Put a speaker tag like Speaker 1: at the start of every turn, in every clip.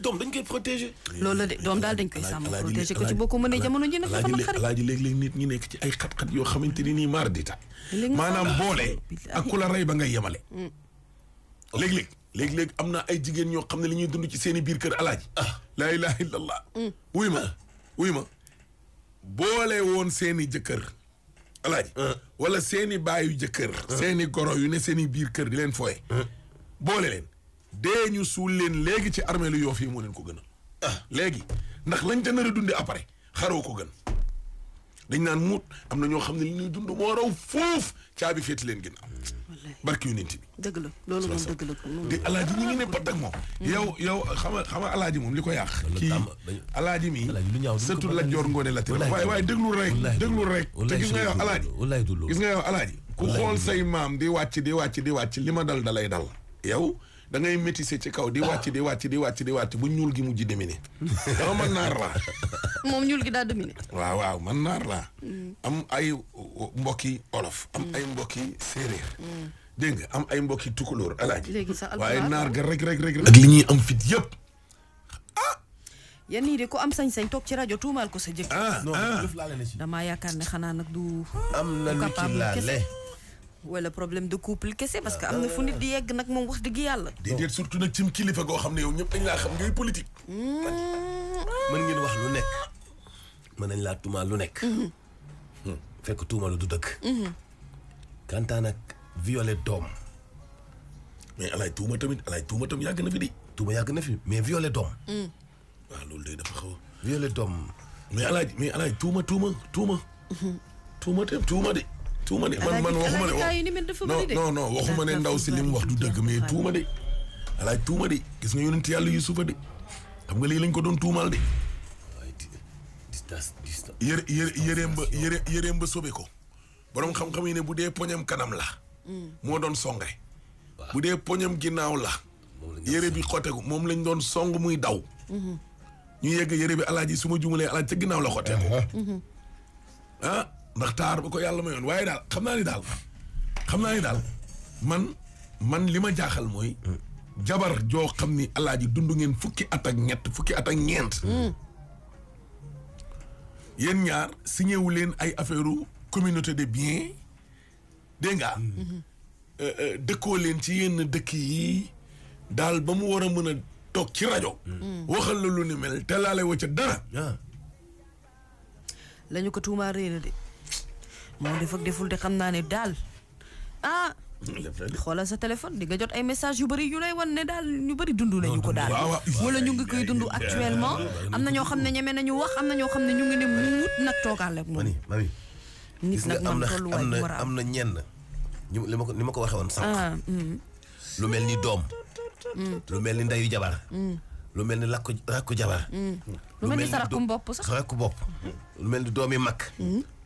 Speaker 1: doom dañ koy protéger. loolu la de
Speaker 2: doom daal dañ koy sàmm protéger ko ci boo ko mënee jamono ji nag dafa na xarit
Speaker 1: alaaji léeg-léeg nit ñi nekk ci ay xat-xat yoo xamante ni nii di ta maanaam boole ak ku la rey ba ngay yemale mm. léeg-léeg léeg am na ay jigéen ñoo xam ne li ñuy dund ci seen biir kër alaaji ah. laa ilaha illallah mm. wuy ma ah. wuy ma boole woon seeni jëkkër alaaji ah. wala seen i baayu jëkkër seen goro yu ne seen biir kër di leen fooye boole leen dee ñu suul leen léegi ci armeelu lu Yoff yi moo leen ko gëna ah léegi ndax lañ ca nar a dundee xaroo ko gën dañ naan mut am na ñoo xam ne li ñuy dund moo raw foof caabi féeti leen ginnaaw barki yu ninti bi
Speaker 2: dëgg la loolu moom dëgg la
Speaker 1: di alaaji ñi ngi ne pat ak moom hmm. yow yow xama xama alaaji moom li ko yàq kii alaaji mi surtout la joor ngoone la waaye waaye déglul rek déglul rek te gis nga yow alaaji gis nga yow alaaji ku xool say maam di wàcc di wàcc di wàcc li ma dal dalay dal yow da ngay métissé ci kaw di wacc di wacc di wacc di wacc bu ñuul gi mujj demine dama man nar la
Speaker 2: mom ñuul gi da demine
Speaker 1: waaw waaw man nar la am ay mbokki olof am ay mbokki séeréer deng am ay mbokki tukulor alaaji
Speaker 2: waye nar ga
Speaker 1: rek rek rek ak li ñi am fit yëpp
Speaker 2: ya ni de ko am sañ-sañ tok ci radio tumal ko sa jëk ah non ah. dama yaakaar ne xanaa nag du am
Speaker 1: na lu ci laale wala problème de couple kese parce que am ah. fu nit di
Speaker 2: yegg nag moom wax dëgg yàlla.
Speaker 1: déedéet surtout nag cim kilifa goo xam ne yow ñëpp dañ laa xam ngay hmm. ngeen wax lu nekk mën nañ laa tuumaal lu nekk. Hmm. Hmm. fekk tuumalu du dëkk. kantaan nag violé doom. mais alaay tuuma tamit alaay tuuma tam yàgg na fi di. tuuma yàgg na fi mais violé doom. waaw xaw a. mais alaay mais alaay tuuma tuuma tuuma. tuuma tuuma de. tuuma de man man waxuma de non non waxuma ne ndaw si li mu wax du dëgg mais tuuma de alaaj tuuma de gis nga yonent yàlla yusufa de xam nga lii lañ ko doon tuumaal de yére yére yéreem ba yére yéreem ba sobe ko boroom xam-xam ne bu dee poñam kanam la mm. moo doon songe bu dee poñam ginnaaw la yére bi xoteeku moom lañ doon song muy daw mm-hmm. ñu yegg yére bi alaaji su ma jumalee alaaj ca ginnaaw la xoteeku mm-hmm. ah ndax taar ba ko yàlla mayoon waaye daal xam naa ni daal xam naa ni daal man man li ma jaaxal mooy. jabar joo xam ni alaaji dund ngeen fukki at ak ñett fukki at ak ñeent. yéen ñaar si wu leen ay affaire communauté de biens dégg nga. Mm-hmm. Euh, euh, dëkkoo leen ci yenn dëkk yi daal ba mu war a mën a toog ci rajo. Mm-hmm. waxal la lu ni mel te laale wa ca dara.
Speaker 2: lañu ko tuumaa réer de. moo def ak deful de xam naa ne daal ah. xoolal sa téléphone di nga jot ay message yu bari yu lay wan ne daal ñu bëri dund nañu ko daal wala ñu ngi koy dund actuellement am na ñoo xam ne ñeme nañu wax am na ñoo xam ne ñu ngi ne muut nag toogaal ak moom
Speaker 1: mami nit nag moom tolluwaay bu war a am na ñenn ñu li ma ko ni ma ko waxee woon sànq ah, mm-hmm. lu mel ni doom mm. lu mel ni ndeyu jabar mm. lu mel ni rakku rakku jabar mm. lu mel ni sa bopp sax rakku bopp lu mel ni doomi mag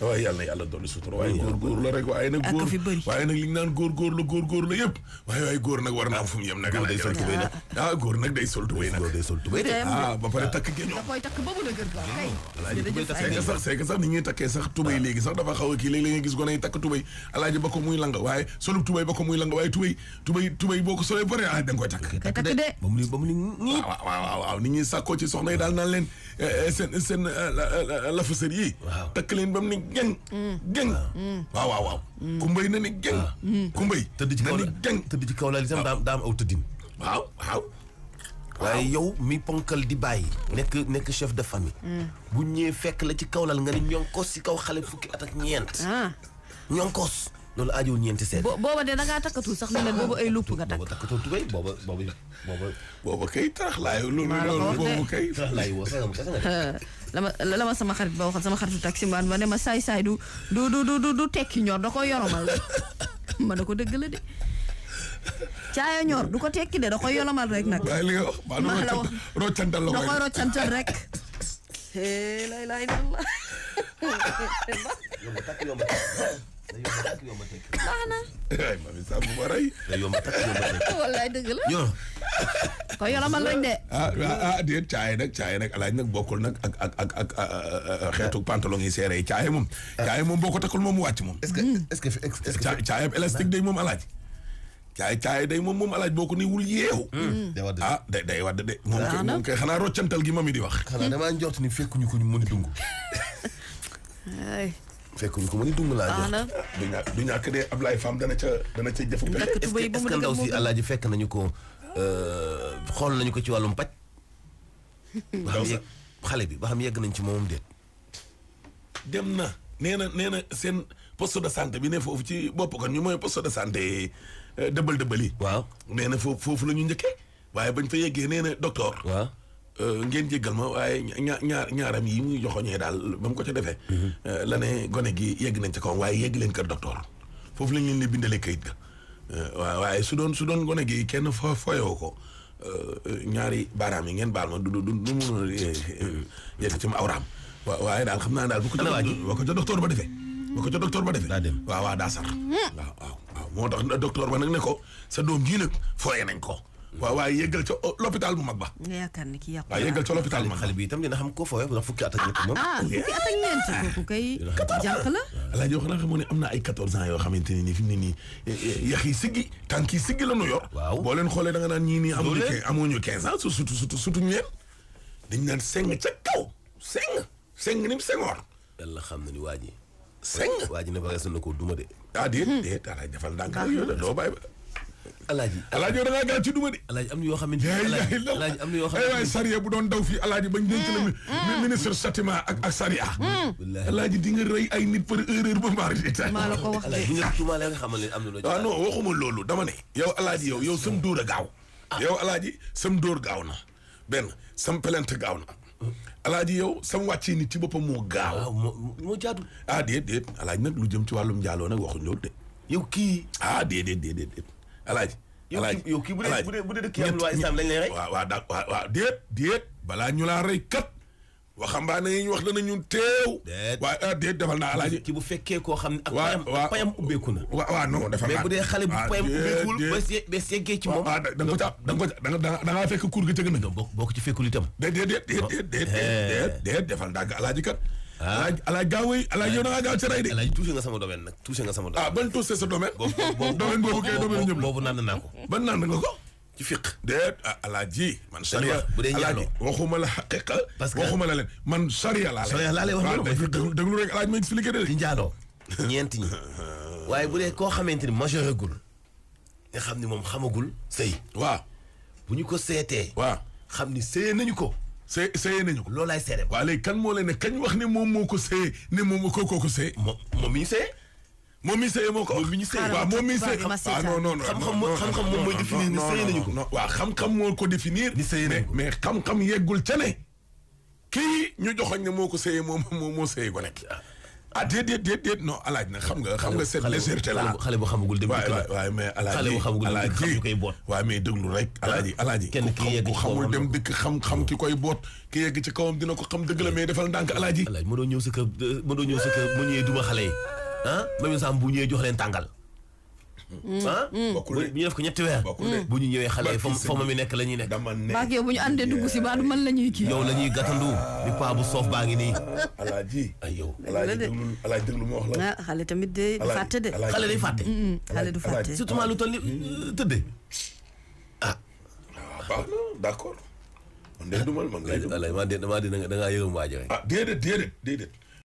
Speaker 1: waaye yàlla na yàlla dolli sutura waaye góorgóor la rek waaye nag góor waaye nag li ñu naan góorgóor la góorgóor la yëpp waaye waaye góor nag war naa am fu mu yem nag day sol tubéy ah, ah, nag day sol tubéy nag day sol tubéy de ah ba pare ah. takk
Speaker 2: géñoo koy takk hmm.
Speaker 1: léegi sax dafa a kii léeg-léeg nga gis gone yi takk tubéy alaaji ba ko muy lang waaye solub tubéy ba ko muy lang waaye tubéy tubéy tubéy boo ko solee pare ah da nga koy takk takk de ba mu ni yi daal naan leen eh, eh, eh, geng geng waaw waaw waaw ku mbay na ni geng tëdd ci kaw na ni geng tëdd ci kaw aw tëddin waaw waaw waaye yow mi ponkal di bàyyi nekk nekk chef de famille mm. bu ñëwee fekk la ci kawlal nga ni ñonkos ci kaw xale fukki at ak ñeent ah. ñonkos loolu aajowul ñeenti seet booba de da
Speaker 2: ngaa sax ne leen ay
Speaker 1: lupp nga takk booba takkatul tubéy booba booba booba booba kay tax laay
Speaker 2: la ma la sama xarit ba waxal sama xaritu taxi man ma ne ma saay saay du du du du du tekki ñor da yoromal ma da ko dëgg la de. caaya ñor du ko tekki de da koy yolomal rek nag. waaye li nga
Speaker 1: wax maa
Speaker 2: rek. baax na.
Speaker 1: ay mami Samb ma rey. yomba takk yomba tekki.
Speaker 2: wallaay dëgg la. yoo. kon yolomal lañ de. Ah, ah
Speaker 1: ah déet caay nag caay nag alaaj nag bokkul nag ak ak ak ak ah, ah, xeetu pantalon yi seere yi caay moom. caay moom boo ko takkul moom mu wàcc moom. est-ce que hmm. est-ce que caay caayam élastique day moom alaaj. caay caay day moom moom alaaj boo ko nii wul yeewu. Hmm. ah day day wadd de. moom kay moom kay xanaa roccantal gi mami di wax. xanaa damaa njort ni fekkuñu ko ñu mën a dungu. fekkuñ ko mu ngi dung laa jox du ñàkk de Ablaye Fam dana ca dana ca jëfu est-ce que ndaw si Alaaji fekk nañu ko euh, xool nañu ko ci wàllum paj ba xam yegg xale bi ba xam yegg nañ ci moomam déet dem na nee na nee na seen poste de santé bi ne foofu ci bopp kon ñu mooy poste de santé dëbal dëbal yi waaw nee na foofu foofu la ñu njëkkee waaye bañ fa yeggee nee na docteur waaw Euh, ngeen jéggal ma waaye ñaar ñaar ñaaram yi muy joxoñee daal ba mu ko ca defee. Mhm. Euh, la ne gone gi yegg nañ ca kawam waaye yegg leen kër docteur foofu lañ leen di bindalee kayit ga. Euh, waaw waaye su doon su doon gone gi kenn fo foyoo ko ñaari baaraam yi ngeen baal du du du mun a mhm. yegg ci ma awraam. waaw waaye daal xam naa daal bu ko. ba ko ca docteur ba defee. ba ko ca docteur ba defee. daa dem waaw waaw daa sar.
Speaker 2: Mhm. waaw waaw
Speaker 1: waaw moo tax docteur ba nag ne ko sa doom gii nag fooyee nañ ko. waaw waaye yëggal ca l'hôpital bu mag ba.
Speaker 2: nga yaakaar ne ki yàqu waaw yëggal ca l'hôpital bu
Speaker 1: mag xale bi itam xam ko fooy bu fukki at ak ñett moom. ah
Speaker 2: kay. jànq la.
Speaker 1: alaaji wax na xamoon am na ay 14 ans yoo xamante ne nii fi mu ne nii eh, eh, yax yi siggi tànk yi siggi la nu yor. waaw boo leen xoolee da nga naan ñii nii amuñu. amuñu 15 ans surtout surtout surtout ñu leen dañu naan seng ca kaw seng seng ni mu sengoor. yàlla xam na ni waa ji. seng waa ji ne fa rees na ko duma de. ah déet déet daal defal ndànk. doo bàyyi ba alaaji alaaji yow da ngaa gaaw ci duma de alaaji yoo xam ne alaaji am na yoo sariya bu doon daw fii alaaji bañ dénk la mm. ministre ak ak sariya mm. alaaji di rey ay nit par erreur ba mbaari détail maa la nga xamal ne am na loo waaw waxuma loolu dama ne yow alaaji yow yow sam door a gaaw ah. yow alaaji sam dóor gaaw na benn sam plainte gaaw na alaaji yow sam wàccee nit ci boppam moo gaaw moo jaatu ah déet déet alaaji nag lu jëm ci wàllum njaaloo nag waxuñ loolu de yow kii ah déedéet déedéet alaaji alaaji yow kii bu dee bu dee dëkk yi am loi islam dañ lay rey balaa ñu laa rey kat waxambaane yi ñu wax danañu teew waaye ah déet defal naa alaaji ki bu fekkee koo xam ne ak payam ak payam ubbeeku na waaw waaw non defal naa mais bu dee xale bu ah, payam ah, ah, da nga ko da ko da nga da ngaa fekk kuur gi tëgg na nga boo ko ci fekkul itam déet déet déet déet déet déet eh. déet defal ndànk alaaji kat ah alaaj gaaw yi alaaj yow da ngaa gaaw ci rey de. alaaj touché nga sama domaine nag touché nga sama domaine. ah ban touché sa domaine. domaine boobu kay domaine ñëpp la boobu naan naa ko. ban naan nga ko. ci fiq déet ah, alaaji man sariya bu dee njaaloo waxuma la xaqiqa parce que waxuma la leen man sariya laa sariya laa lay wax loolu ah, déglu rek alaaji ma expliqué de njaaloo ñeenti ñi waaye bu dee koo xamante ni majeur gul nga xam ni moom xamagul sëy waaw bu ñu ko seetee waaw xam ni sëy nañu ko see seeyee nañu ko. loolaay seede ko waaw léegi kan moo leen ne kañ wax ne moo moo ko seeyee ne moom koo koo ko seeyee. moom moom mi seeyee. moom mi seeyee moo ko. moom mi ñu seeyee waaw moom mi seeyee ah non non non. xam-xam moo xam-xam moom mooy ko. non waaw xam moo ko définir. ni seeyee nañu ko mais mais xam-xam yeggul ca ne. kii ñu joxoñ ne moo ko seeyee moom moo moo seeyee ko nekk. ah déedéet déedéet non alaaj na xam nga xam nga seen légèreté la xale bu xamagul dégg waaye mais alaaj xale bu xamagul waaye mais ah, alaaji alaaji kenn ki yegg xamul dem dëkk xam xam ki koy boot ki yegg ci kawam dina ko xam dëgg la mais defal ndànk alaaji alaaj ma doon ñëw sa kër ma doon ñëw sa kër mu ñëwee duma xale yi ah mami sam bu ñëwee jox leen tàngal Mm. ah mm. bokkul bu ñu def ko ñetti weer mm. bu ñu nekk la ñuy nekk maag
Speaker 2: yow bu ñu àndee dugg si baa du man la ñuy kii
Speaker 1: yow la ñuy gàttandu di paa bu soof baa ngi nii alaaji ay yow alaaji déglu ah,
Speaker 2: xale tamit day fàtte de xale day fàtte
Speaker 1: xale du fàtte lu toll ni euh, tëdde ah. ah baax na d'accord man de dumal man de dumal man de damaa dina dangaa yërëm waajo ah déedéet